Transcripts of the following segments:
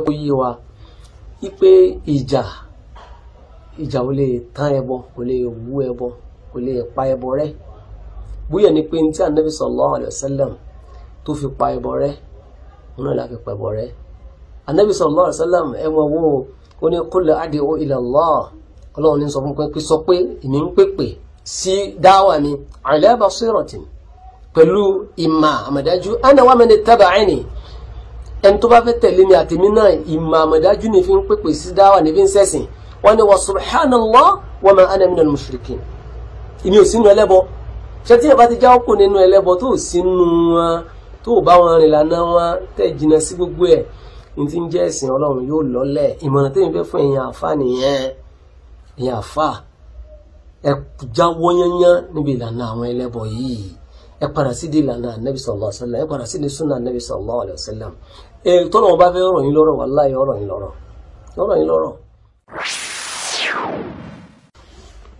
fẹ́ kó yé wa wípé ìjà ìjà ò lè tán ẹbọ kò lè wú ẹbọ kò lè pa ẹbọ rẹ bóyá ni pé tí anabi sallallahu alayhi wa sallam tó fi pa ẹbọ rẹ òun náà láfi pa ẹbọ rẹ anabi sallallahu alayhi wa sallam ẹ mọ wo ó ní qul o ila Allah ọlọ́run ní sọ fún pé sọ pé èmi ń pèpè sí dáwà mi ala basiratin pẹ̀lú ìmà àmàdájú ana wa man ittaba'ani ẹni tó bá fẹ́ tẹ̀lé mi àtẹ̀mí náà ìmọ̀ àmọ̀dájú ni fi ń pèpè sí dáwà ní fi ń sẹ̀sìn wọ́n ní wa subhanallah wa ma ana minal mushrikin ìmí ò sínú ẹlẹ́bọ ṣé tí ìyàbá ti jáwọ́ kò nínú ẹlẹ́bọ tó ò sínú wọn tó ò bá wọn rìn lànà wọn tẹ̀ jìnnà sí gbogbo ẹ̀ ní ti ń jẹ́ ẹ̀sìn ọlọ́run yóò lọ́lẹ̀ ìmọ̀ràn tẹ́mi fẹ́ fún èèyàn ẹ jáwọ́ sí di ìlànà anabi sallallahu alaihi ẹ padà sí di sunna anabi sallallahu alaihi èyí tó lọ́wọ́ bá fẹ́ ọ̀rọ̀ yín lọ́rọ̀ wallahi ọ̀rọ̀ yín lọ́rọ̀ ọ̀rọ̀ yín lọ́rọ̀.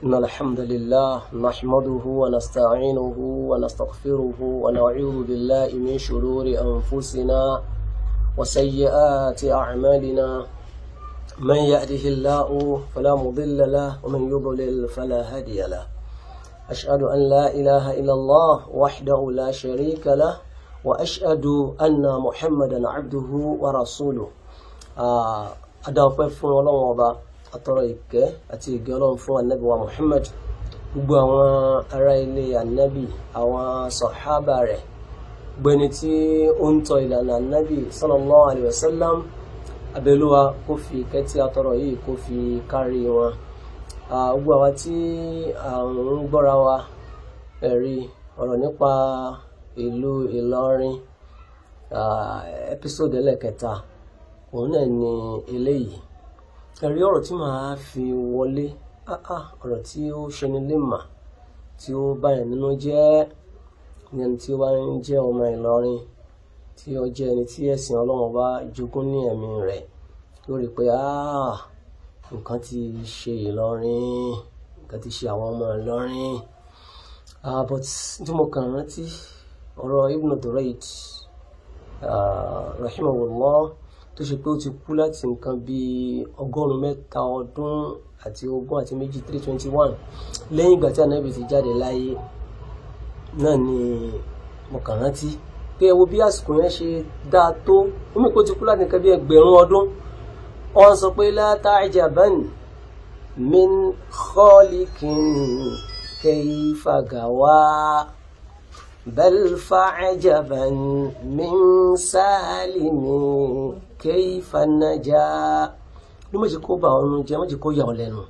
إن الحمد لله نحمده ونستعينه ونستغفره ونعوذ بالله من شرور أنفسنا وسيئات أعمالنا من يأته الله فلا مضل له ومن يضلل فلا هادي له أشهد أن لا إله إلا الله وحده لا شريك له وأشهد أن محمدا عبده ورسوله adáwọ̀pẹ́ fún ọlọ́run ọba àtọrọ ìkẹ́ àti ìgẹ́ ọlọ́run fún anabi wa muhammad gbogbo àwọn ará ilé anabi àwọn sọ̀hábà rẹ̀ gbẹni tí ó ń tọ ìlànà anabi sallallahu alayhi wa sallam abẹ́lúwa kó fi ìkẹ́ tí yìí kó fi kárí wọn gbogbo àwa tí à ń gbọ́ra wa ẹ̀rí ọ̀rọ̀ nípa ìlú Ìlọrin ẹpísòdì ẹlẹ́kẹta òun náà ni eléyìí ẹ̀rí ọ̀rọ̀ tí màá fi wọlé ọ̀rọ̀ tí ó ṣeni lè mà tí ó báyìí nínú jẹ́ ẹni tí ó bá ń jẹ́ ọmọ Ìlọrin tí ó jẹ́ ẹni tí ẹ̀sìn Ọlọ́run bá jogún ní ẹ̀mí rẹ̀ lórí pé nǹkan ti ṣe Ìlọrin nǹkan ti ṣe àwọn ọmọ Ìlọrin but tí mo kàn rántí ọ̀rọ̀ Ibn Durayd ah, rahimahullah tó ṣe pé ó ti kú láti nǹkan bíi ọgọ́rùn-ún mẹ́ta ọdún àti ogún àti méjì three twenty one lẹ́yìn ìgbà tí anabi ti jáde láyé náà ni mo kàn rántí pé ẹ wo bí àsìkò yẹn ṣe dáa tó omi kò ti kú láti nǹkan bíi ẹgbẹ̀rún ọdún wọn sọ pé la ta'jaban min khaliqin kayfa gawa. بل فعجبا من سالم كيف نجا ló má jẹ́ kó bà ọrùn jẹ́ má jẹ́ kó yà ọ́ lẹ́nu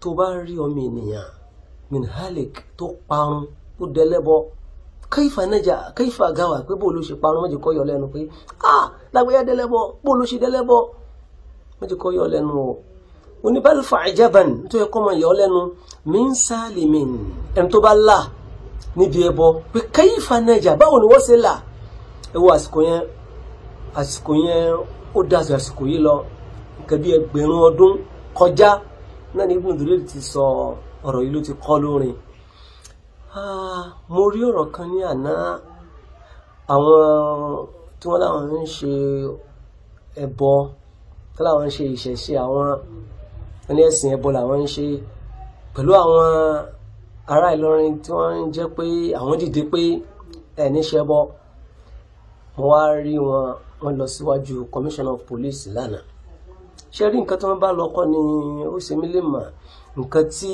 tó bá rí ọmọ ènìyàn min halik tó parun ó dẹlẹ́bọ kaifa naja kaifa gawa pé bó ló ṣe parun má jẹ́ kó yọ lẹ́nu pé ah lágbẹ́yà dẹlẹ́bọ bó ló ṣe dẹlẹ́bọ má jẹ́ kó yọ lẹ́nu o oníbàlùfà àjẹbàn tó yẹ kó máa yọ lẹ́nu min salimin ẹni tó bá là níbi ẹbọ pé kẹ́yìn fanájà báwo ni wọ́n ṣe là ẹ wo àsìkò yẹn àsìkò yẹn ó dáṣọ àsìkò yìí lọ nǹkan bí ẹgbẹ̀rún ọdún kọjá náà ní Ibn Durir ti sọ ọ̀rọ̀ yìí ló ti kọ́ lórin ah, mo rí ọ̀rọ̀ kan ní àná àwọn tí wọ́n láwọn ń ṣe ẹbọ tí láwọn ń ṣe ìṣẹ̀ṣe àwọn ẹni ẹ̀sìn ẹbọ làwọn ń ṣe pẹ̀lú àwọn ará Ìlọrin tí wọ́n ń jẹ́ pé àwọn dìde pé ẹ̀ níṣẹ́ bọ́ mo wá rí wọn wọ́n lọ síwájú commissioner of police lánàá ṣé rí nǹkan tí wọ́n bá lọ kọ́ ni ó ṣe mí lè mọ̀ nǹkan tí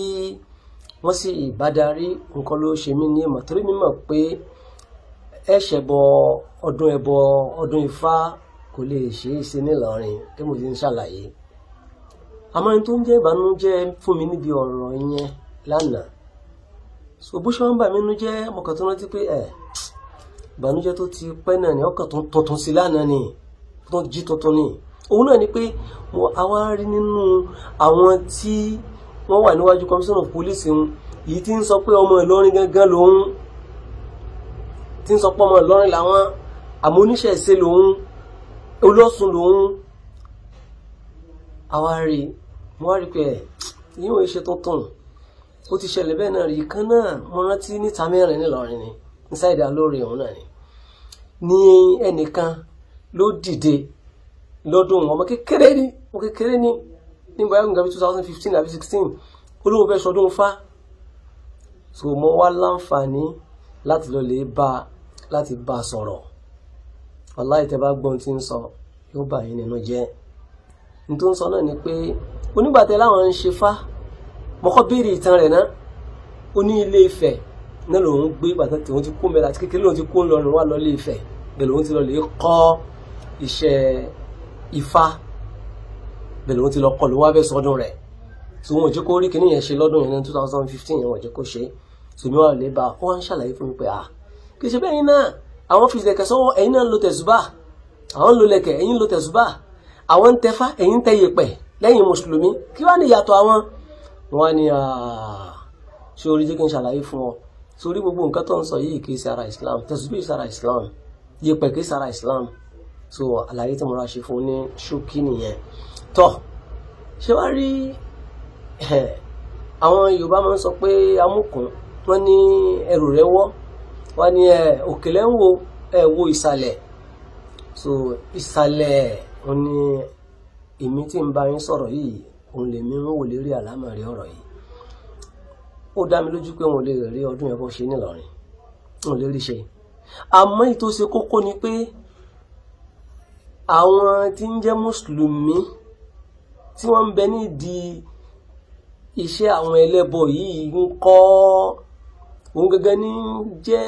wọ́n sì ìbádarí nǹkan ló ṣe mí ní ìmọ̀ torí mi mọ̀ pé ẹ̀ṣẹ̀ bọ ọdún ẹbọ ọdún ifá kò lè ṣe é ṣe nílọrin tí mo ti ń ṣàlàyé àmọ́ ẹni tó ń jẹ́ ìbànújẹ́ fún mi níbi ọ̀rọ̀ yẹn lánàá so bó ṣe wọn bà mí nú jẹ́ mo kàn tó rántí pé ẹ ìbànújẹ́ tó ti pẹ́ náà ni ọkàn tó ń tuntun sí lánàá ni tó ń jí tuntun ni òun náà ni pé mo àwa rí nínú àwọn tí wọ́n wà níwájú commissioner of police ń yìí tí ń sọ pé ọmọ Ìlọrin gangan lòun tí ń sọ pé ọmọ Ìlọrin làwọn àmọ́ oníṣẹ́ ìṣe lòun olóṣùn lòun àwa rí mo rí pé ẹ yíwọ̀n iṣẹ́ tuntun ó ti ṣẹlẹ̀ bẹ́ẹ̀ náà rí kan náà mo rántí níta mẹ́rin ńìlọrin ni inside alóore òun náà ni ní ẹnìkan ló dìde lọ́dún ọmọ kékeré ni ọmọ kékeré ni nígbà yàgùn gàbí two thousand fifteen àbí sixteen olóhùn fẹ́ sọdún fa so mo wá láǹfààní láti lọ lè bá láti bá a sọ̀rọ̀ wàláì tẹ́ bá gbọ́n tí ń sọ yóò bà yín nínú jẹ́ n tó ń sọ náà ni pé onígbàtẹ́ láwọn ń ṣe fá mọ́kọ́ béèrè ìtàn rẹ̀ náà ó ní ilé Ifẹ̀ náà lòun gbé ìbàdàn tí òun ti kó mẹ́ra àti kékeré lòun ti kó ńlọrùn wá lọ ilé Ifẹ̀ bẹ́ẹ̀ lòun ti lọ lè kọ́ iṣẹ́ ifá bẹ́ẹ̀ lòun ti lọ kọ́ lòun wá fẹ́ sọdún rẹ̀ tí wọn ò jẹ́ kó rí kíní yẹn ṣe lọ́dún yẹn ní two thousand fifteen yẹn wọn ò jẹ́ kó ṣe tòmí wà lè ba ó wá ń ṣàlàyé fún mi pé à ah, kì í ṣe bẹ́ẹ̀ náà àwọn fi lẹ̀kẹ̀ sọ́wọ́ wọ́n ní ṣé orí jẹ́ kí n ṣàlàyé fún ọ sórí gbogbo nǹkan tó ń sọ yìí kì í ṣe ara islam tẹ̀sùbí kì í islam yípẹ̀ kì í ṣe islam so àlàyé tí mo ra ṣe fún ní ṣókí nìyẹn tọ́ ṣé wàá rí àwọn yorùbá máa ń sọ pé amúkùn wọ́n ní ẹrù rẹ̀ wọ́ wọ́n ní òkèlè ń wo ẹ wo ìsàlẹ̀ so ìsàlẹ̀ wọ́n ní èmi tí ń bá yín sọ̀rọ̀ yìí òun lèmi ń wò lérí àlámọ̀rí ọ̀rọ̀ yìí ó dá mi lójú pé wọn ò lè rí ọdún yẹn bọ́ ṣe nílọrin wọn ò lè rí ṣe àmọ́ ètò ṣe kókó ni pé àwọn tí ń jẹ́ mùsùlùmí tí wọ́n ń bẹ nídìí iṣẹ́ àwọn ẹlẹ́bọ yìí ń kọ́ òun gẹ́gẹ́ ní jẹ́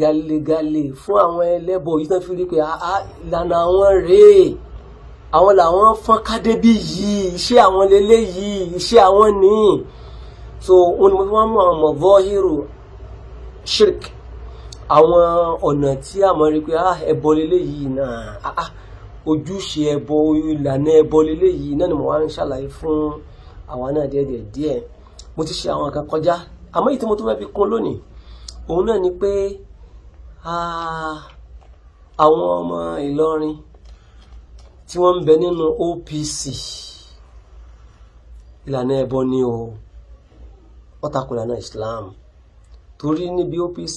galegale fún àwọn ẹlẹ́bọ yìí tán fi rí pé ìlànà àwọn rèé àwọn làwọn fọ́n kádébí yìí iṣẹ́ àwọn lélẹ́ yìí iṣẹ́ àwọn nìyí so wọn ni mo fi wọ́n mú àwọn ọmọ vọ́hírù shirk àwọn ọ̀nà tí a mọ̀ rí pé ah ẹbọ lélẹ́ yìí náà ah, ah ojúṣe ẹbọ ìlànà ẹbọ lélẹ́ yìí náà ni mo wá ń ṣàlàyé fún àwa náà díẹ̀díẹ̀ díẹ̀ mo ti ṣe àwọn kan kọjá àmọ́ èyí tí mo tún fẹ́ fi kún lónìí òun náà ni pé ah, àwọn ọmọ Ìlọrin tí wọ́n ń bẹ nínú OPC ìlànà ẹbọ ni o ọtakùn ìlànà Islam torí níbi OPC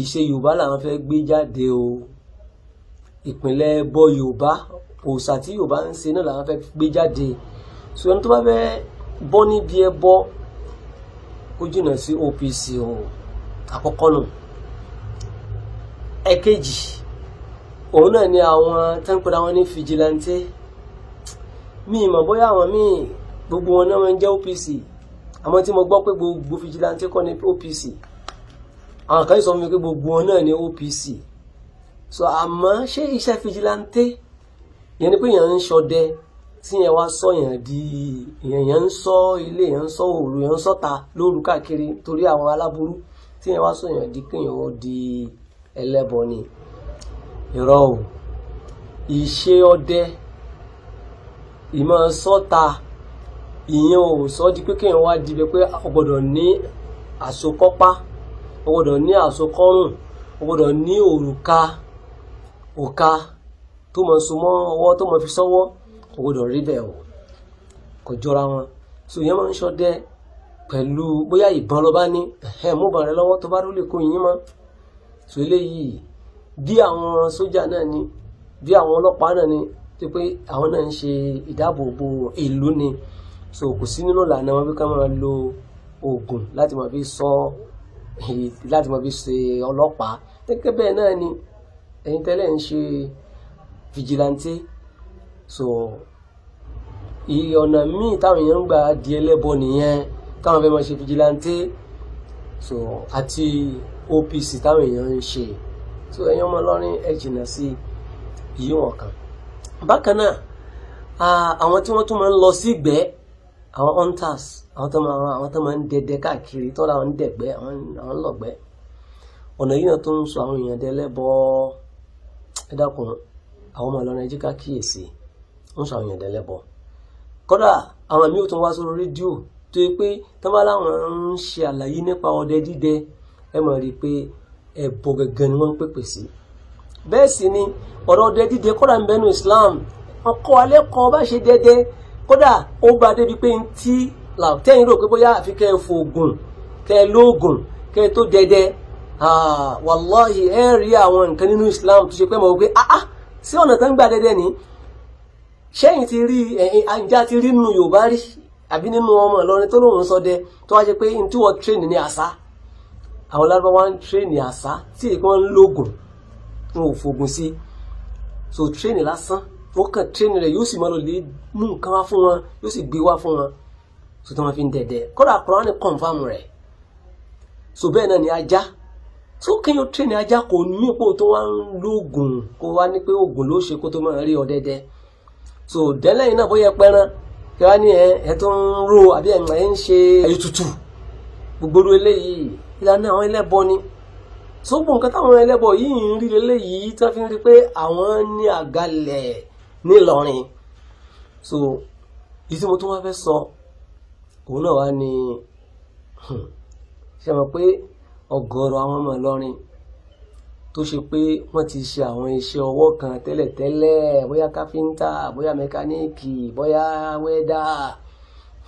ìṣe Yorùbá làwọn fẹ́ gbé jáde o ìpínlẹ̀ ẹbọ Yorùbá òòṣà tí Yorùbá ń ṣe náà làwọn fẹ́ gbé jáde so ẹni tó bá fẹ́ bọ́ níbi ẹbọ kó jìnnà sí OPC o àkọ́kọ́ nù ẹ̀kejì òun náà ni àwọn táǹpẹ̀lá wọn ní fìjìláńtẹ́ mi ìmọ̀ bóyá àwọn míì gbogbo wọn náà jẹ́ OPC àmọ́ tí mo gbọ́ pé gbogbo fìjìláńtẹ́ kọ́ ní OPC àwọn kan sọ fún mi pé gbogbo wọn náà ní OPC so àmọ́ ṣé iṣẹ́ fìjìláńtẹ́ yẹn ni pé èèyàn ń ṣọdẹ tí yẹn wá sọ yẹn di èèyàn ń sọ ilé èèyàn ń sọ òru èèyàn ń sọta lóru káàkiri torí àwọn aláburú tí yẹn wá sọ yẹn di kéèyàn ó di ẹlẹ́bọ ni irọ́ o ìṣe ọdẹ ìmọ̀ sọ́ta ìyẹn ò sọ di pé kéèyàn wá di pé o gbọ́dọ̀ ní àsokọ́pá o gbọ́dọ̀ ní àsokọ́rùn o gbọ́dọ̀ ní òrùka òka tó mọ̀ so mọ́ ọwọ́ tó mọ̀ fi sọ́wọ́ o gbọ́dọ̀ rí bẹ́ẹ̀ o kò jọra wọn so ìyẹn máa ń ṣọdẹ pẹ̀lú bóyá ìbọn ló bá ní ẹ̀hẹ́ mú bàrẹ̀ lọ́wọ́ tó bá rólè kó yín mọ́ so eléyìí bí àwọn sójà náà ni bí àwọn ọlọ́pàá náà ni tó pé àwọn náà ń ṣe ìdáàbòbò ìlú ni so kò sí nínú ìlànà wọn bí ká máa lo oògùn láti máa fi sọ láti máa fi ṣe ọlọ́pàá gẹ́gẹ́ bẹ́ẹ̀ náà ni ẹ̀yin tẹ́lẹ̀ ń ṣe fìjìláńtì so iye ọ̀nà míì táwọn èèyàn ń gbà di ẹlẹ́bọ nìyẹn táwọn fẹ́ máa ṣe fìjìláńtì so àti OPC táwọn èèyàn ń ṣe tó ẹ̀yin ọmọ Ìlọrin ẹ jìnnà sí yí wọn kan bákan náà àwọn tí wọ́n tún máa ń lọ sí ìgbẹ́ àwọn hunters àwọn tó máa àwọn tó máa ń dẹdẹ káàkiri tọ́ra àwọn ń dẹ̀gbẹ́ àwọn ń lọ̀gbẹ́ ọ̀nà yìí náà tó ń sọ àwọn èèyàn dẹlẹ́bọ ẹ dákun àwọn ọmọ Ìlọrin ẹjẹ́ ká kíyèsí ń sọ àwọn èèyàn dẹlẹ́bọ kódà àwọn míì tún wá sórí rédíò tó yẹ pé tọ́ba láwọn ń ṣe àlàyé nípa ọdẹ dídẹ ẹ mọ̀ rí i pé ẹ̀bùn gẹ̀gẹ̀ ni wọ́n ń pèpè sí bẹ́ẹ̀ sì ni ọ̀rọ̀ ọdẹ dídẹ ń bẹnu Islam ọkọ alẹ́ kan bá ṣe dẹdẹ kódà ó bá débi pé ń tí làtẹ́yìn rò pé bóyá àfi kẹ́ ẹ fògùn kẹ́ ẹ lóògùn kẹ́ ẹ tó dẹdẹ wàláhì ẹ rí àwọn nǹkan nínú Islam tó ṣe pé mọ̀ wípé ah ah sí ọ̀nà tó ń gbà dẹdẹ ni ṣẹ́yìn ti rí ẹ̀yìn ajá ti rí nínú Yorùbá rí àbí nínú ọmọ Ìlọrin tó lóun sọdẹ tó wá ṣe pé n tí wọ́n àṣà àwọn lárúbáwá ń tírèènì àṣà tí èkó ń lògùn wọn ò fògùn sí so tírèènì lásán wọn kàn tírèènì rẹ yóò sì máa lọ lè mú nǹkan wá fún wọn yóò sì gbé wá fún wọn so tí wọn fi ń dẹdẹ kódà Kùránì kọ̀ǹfàmù rẹ̀ so bẹ́ẹ̀ náà ni ajá so kéèyàn tírèènì ajá kò ní pò tó wá ń lògùn kó wá ní pé ògùn ló ṣe kó tó máa rí ọdẹdẹ so dẹ́lẹ́yìn náà bóyá pẹ́rán kí wá ní ẹ ẹ tó ń ro àbí ẹ̀ ń ṣe ètùtù gbogbo eléyìí ìlànà àwọn ẹlẹ́bọ ni sógbó nǹkan táwọn ẹlẹ́bọ yìí ń rí lélẹ́yìí tí wọ́n fi ń rí pé àwọn ní àgàlẹ̀ nílọrin so ìdí tí mo tún wá fẹ́ sọ òun náà wá ní hmm, ṣe mọ̀ pé ọ̀gọ̀rọ̀ àwọn ọmọ ìlọrin tó ṣe pé wọ́n ti ṣe àwọn iṣẹ́ ọwọ́ kan tẹ́lẹ̀tẹ́lẹ̀ bóyá káfíńtà bóyá mẹkáníìkì bóyá wẹ́dà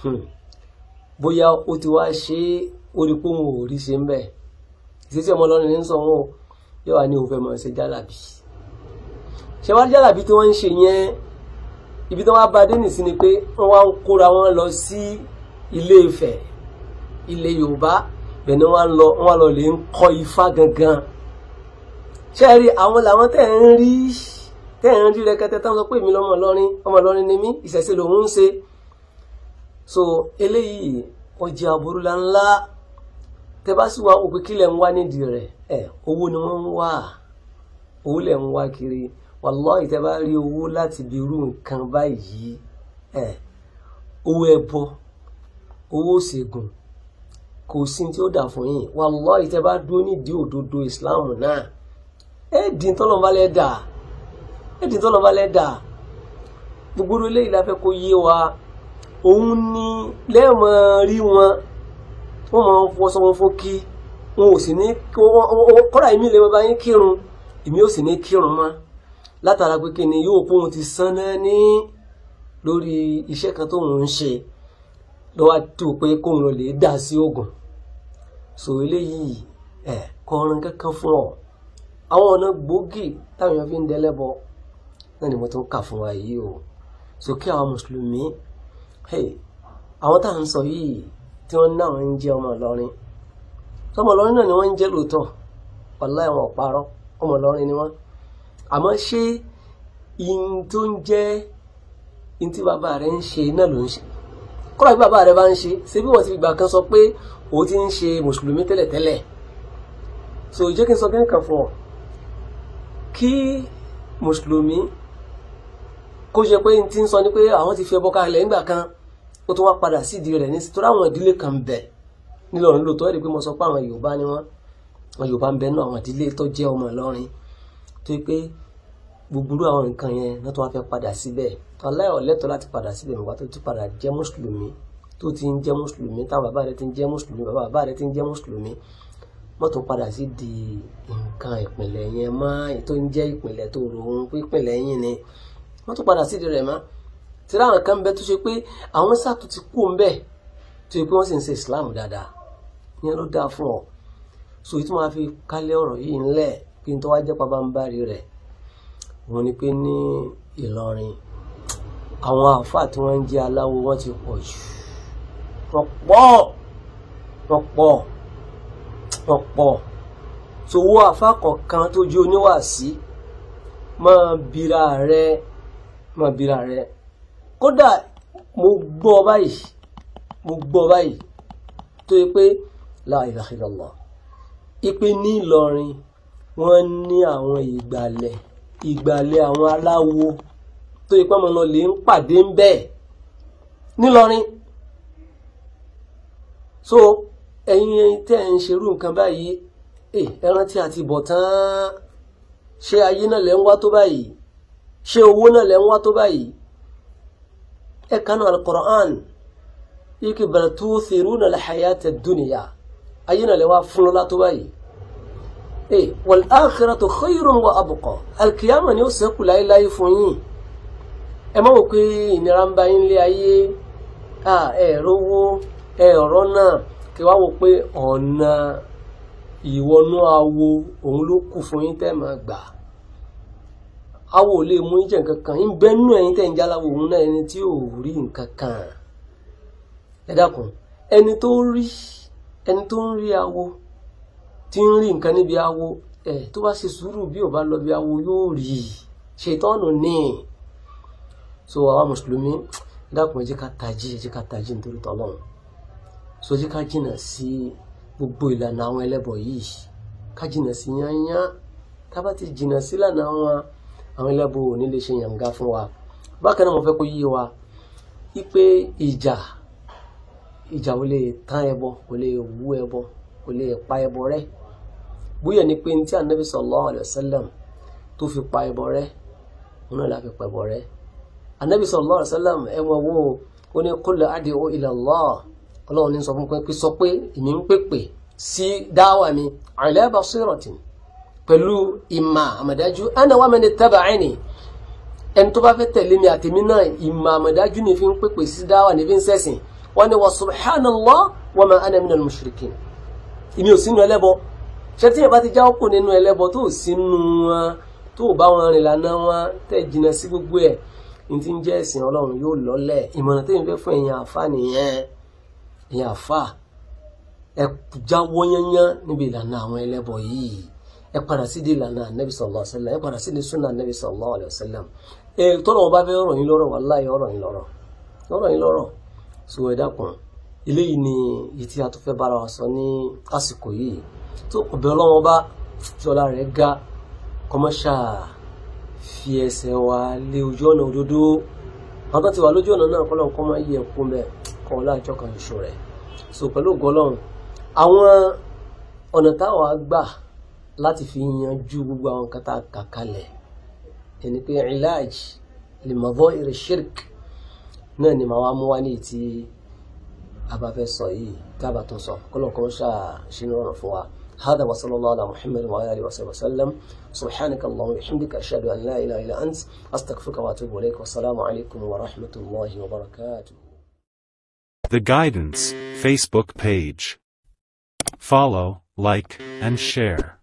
hmm, bóyá ó ti wá ṣe é ó rí pé òun ò rí ṣe ń bẹ̀ ìṣesí ọmọ ọlọ́run ní sọ wọn o yóò wá ní òun fẹ́ mọ̀ ṣe jálàbí ṣé wá jálàbí tí wọ́n ń ṣe yẹn ibi tí wọ́n bá dé nìsí ni pé wọ́n wá ń kóra wọn lọ sí ilé Ifẹ̀ ilé Yorùbá bẹ̀ni wọ́n lọ wọ́n lọ lè ń kọ́ ifá gangan ṣé ẹ rí àwọn làwọn tẹ̀ ń rí tẹ̀ ń rí rẹkẹtẹ táwọn sọ pé èmi lọ́mọ Ìlọrin ọmọ Ìlọrin ni mí ìṣẹ̀ṣe lòun ń ṣe so eléyìí ó jẹ́ aburú ńlá tẹ bá sì wá wò pé kí lẹ̀ ń wá nídìí rẹ̀ ẹ̀ owó ni wọ́n ń wá owó lẹ̀ ń wá kiri wàláhì tẹ bá rí owó láti bí irú nǹkan báyìí ẹ̀ owó ẹbọ owó ṣègùn kò sí tí ó dà fún yín wàláhì tẹ bá dúró nídìí òdodo ìsìláàmù náà ẹ̀ dín tọ́lọ́mọbalẹ̀ dà ẹ̀ dín tọ́lọ́mọbalẹ̀ dà gbogbo eléyìí la fẹ́ kó yé wa òun ni lẹ́ẹ̀mọ rí wọn wọ́n máa ń fọṣọ wọn fókí wọn ò sì ní kọ́ra èmi lè bá yín kírun èmi ò sì ní kírun mọ́ látara pé kí ni yóò pọ́n ti san náà ní lórí iṣẹ́ kan tóun ń ṣe lọ́wọ́ tó pé kóun lọ lè dá sí oògùn sọ eléyìí ẹ̀ kọrin kankan fún ọ àwọn ọ̀nà gbòógì táwọn èèyàn fi ń dẹ́lẹ́bọ náà ni mo tún kà fún wa yìí o sókè àwọn mùsùlùmí àwọn táà sọ yìí tí wọ́n náà ń jẹ́ ọmọ Ìlọrin ọmọ Ìlọrin náà ni wọ́n ń jẹ́ lóòótọ́ ọ̀la ẹ̀wọ̀n ọ̀parọ́ ọmọ Ìlọrin ni wọ́n àmọ́ ṣé ihun tó ń jẹ́ ihun tí bàbá rẹ̀ ń ṣe náà ló ń ṣe kọ́ra bí bàbá rẹ̀ bá ń ṣe ṣé bí wọ́n ti gbà kan sọ pé òun ti ń ṣe mùsùlùmí tẹ́lẹ̀tẹ́lẹ̀ so jẹ́ kí n sọ kí n kàn fún ọ kí mùsùlùmí kó ṣe pé n ti ń sọ ni pé àwọn ti fi ẹbọ kalẹ̀ nígbà kan ó tó wá padà sídìí rẹ̀ ní torí àwọn ìdílé kan bẹ̀ nílọrin lóòótọ́ ẹ̀rí pé mo sọ pé àwọn yorùbá ni wọ́n àwọn yorùbá ń bẹ náà àwọn ìdílé tó jẹ́ ọmọ ìlọrin tó yẹ pé gbogbo àwọn nǹkan yẹn náà tó wá fẹ́ padà síbẹ̀ aláìwọ̀ lẹ́tọ̀ láti padà síbẹ̀ nígbà tó ti padà jẹ́ mùsùlùmí tó ti ń jẹ́ mùsùlùmí táwọn bàbá rẹ̀ ti ń jẹ́ mùsùlùmí bàbá bàbá rẹ̀ ti ń jẹ́ mùsùlùmí mọ́tò padà sí di nǹkan ìpìlẹ̀ yẹn mọ́ ètò ń jẹ́ ìpìlẹ̀ tó rò ó pé ìpìlẹ̀ yín ni padà sí di rẹ̀ mọ́ tíra àwọn kan bẹ tó ṣe pé àwọn sàtò ti kú ń tó yẹ pé wọ́n sì ń ṣe islam dáadáa ìyẹn ló dáa fún ọ so èyí tó máa fi kálẹ̀ ọ̀rọ̀ yìí ńlẹ̀ kí n tó wá jẹ́ pabambari rẹ̀ wọ́n ní pé ní Ìlọrin àwọn àáfàá tí wọ́n ń jẹ́ aláwo wọ́n ti pọ̀ jù wọ́n pọ̀ wọ́n pọ̀ wọ́n pọ̀ so wo kọ̀ọ̀kan tó jẹ́ oníwàásí máa bira rẹ máa bira rẹ kódà mo gbọ́ báyìí mo gbọ́ báyìí tó yẹ pé la ilaha illallah ipe ní Ìlọrin wọ́n ní àwọn ìgbàlẹ̀ ìgbàlẹ̀ àwọn aláwo tó yẹ pé ọmọ náà lè ń pàdé ń bẹ́ẹ̀ nílọrin so ẹ̀yin tẹ́ ń ṣerú nǹkan báyìí ẹran tí a ti bọ̀ tán ṣé ayé náà lẹ́ ń wá tó báyìí ṣé owó náà lẹ́ ń wá tó báyìí ẹ̀kanu al-Qur'an ike bal tuthiruna al-hayata ad-dunya ayé náà lè wá fún lọ́lá tó báyìí ẹ wal akhiratu khayrun wa abqa al-qiyamah ni ó sẹ́kù láéláé fún yín ẹ má wò pé ìnira ń bá yín lé ayé ẹ rówó awo òun ló kù fún yín tẹ́ máa gbà awo ò lè mú jẹ nǹkan kan ń bẹ nínú ẹ̀yin tẹ̀ ń jáláwo òun náà ẹni tí ò rí nǹkan kan ẹ dákun ẹni tó ń rí ẹni tó ń rí awo tí ń rí nǹkan níbi awo ẹ tó bá ṣe sùúrù bí ò bá lọ bí awo yóò rí ṣètọ́nù ní so àwa mùsùlùmí ẹ dákun ẹ jẹ́ ká tají ẹ ká tají nítorí tọ́lọ́run so ẹ jẹ́ ká jìnnà sí gbogbo ìlànà àwọn ẹlẹ́bọ yìí ká jìnnà sí yányán ká bá ti jìnnà sí ìlànà àwọn àwọn ẹlẹ́bù ò ní lè ṣe yànga fún wa bákan náà mo fẹ́ kó yé wa wípé ìjà ìjà ò lè tán ẹbọ kò lè wú ẹbọ kò lè pa ẹbọ rẹ bóyá ni pé tí anabi sallallahu alayhi wa sallam tó fi pa ẹbọ rẹ òun náà la fi pa ẹbọ rẹ anabi sallallahu alayhi wa sallam wo ó ní qul ad'u ila Allah Ọlọ́run ní sọ fún pé sọ pé èmi ń pèpè sí dáwà mi ala basiratin pẹ̀lú ìmà àmọ̀dájú ana wa man ittaba'ani ẹni tó bá fẹ́ tẹ̀lé mi àtẹ̀mí náà ìmà àmọ̀dájú ni fi ń pèpè sí dáwà ní fi ń sẹ̀sìn wọn ni wa subhanallah wa ma ana minal mushrikin ìmí ò sínú ẹlẹ́bọ ṣé tí ìyàbá ti jáwọ́ kù nínú ẹlẹ́bọ tó ò sínú wọn tó ò bá wọn rìn lànà wọn tẹ̀ jìnnà sí gbogbo ẹ̀ ní ti ń jẹ́ ẹ̀sìn ọlọ́run yóò lọ́lẹ̀ ìmọ̀ràn tẹ́yìn fẹ́ fún èèyàn àfa nìyẹn èèyàn àfa ẹ jáwọ́ yányán níbi ìlànà àwọn ẹlẹ́bọ yìí ẹ padà sí di ìlànà anabi sallallahu alayhi wa sallam ẹ padà sí di sunna anabi sallallahu alayhi wa sallam ẹ tọ́lọ̀ wọn bá fẹ́ ọ̀rọ̀ yín lọ́rọ̀ wallahi ọ̀rọ̀ yín lọ́rọ̀ ọ̀rọ̀ yín lọ́rọ̀ so ẹ dákun eléyìí ni ìtí a tó fẹ́ bára wa sọ ní àsìkò yìí tó ọ̀bẹ ọlọ́wọ́n bá tíọ́lá rẹ̀ ga kọ́mọ́ṣà fi ẹsẹ̀ wa lé ojú ọ̀nà òdodo àwọn tó ti wà lójú ọ̀nà náà kọ́ lọ́n kọ́ máa yẹ ẹ̀kú kọ́ ọ láàjọ kan ìṣó rẹ̀ so pẹ̀lú ògùn ọlọ́run àwọn ọ̀nà táwọn á gbà láti fi yan ju gbogbo àwọn nǹkan tá a kà kalẹ̀ ẹni pé ìlàj lè mọ̀bọ́ ìrẹ̀ shirk náà ni màá wá mú wá ní ti abá fẹ́ sọ yìí tábà tó sọ kọ́lọ̀ kan ṣáà ṣe ń rọrùn fún wa. هذا وصلى الله على محمد وعلى اله وصحبه وسلم سبحانك اللهم وبحمدك اشهد ان لا اله الا انت استغفرك واتوب اليك والسلام عليكم ورحمه الله وبركاته The Guidance Facebook page Follow, like, and share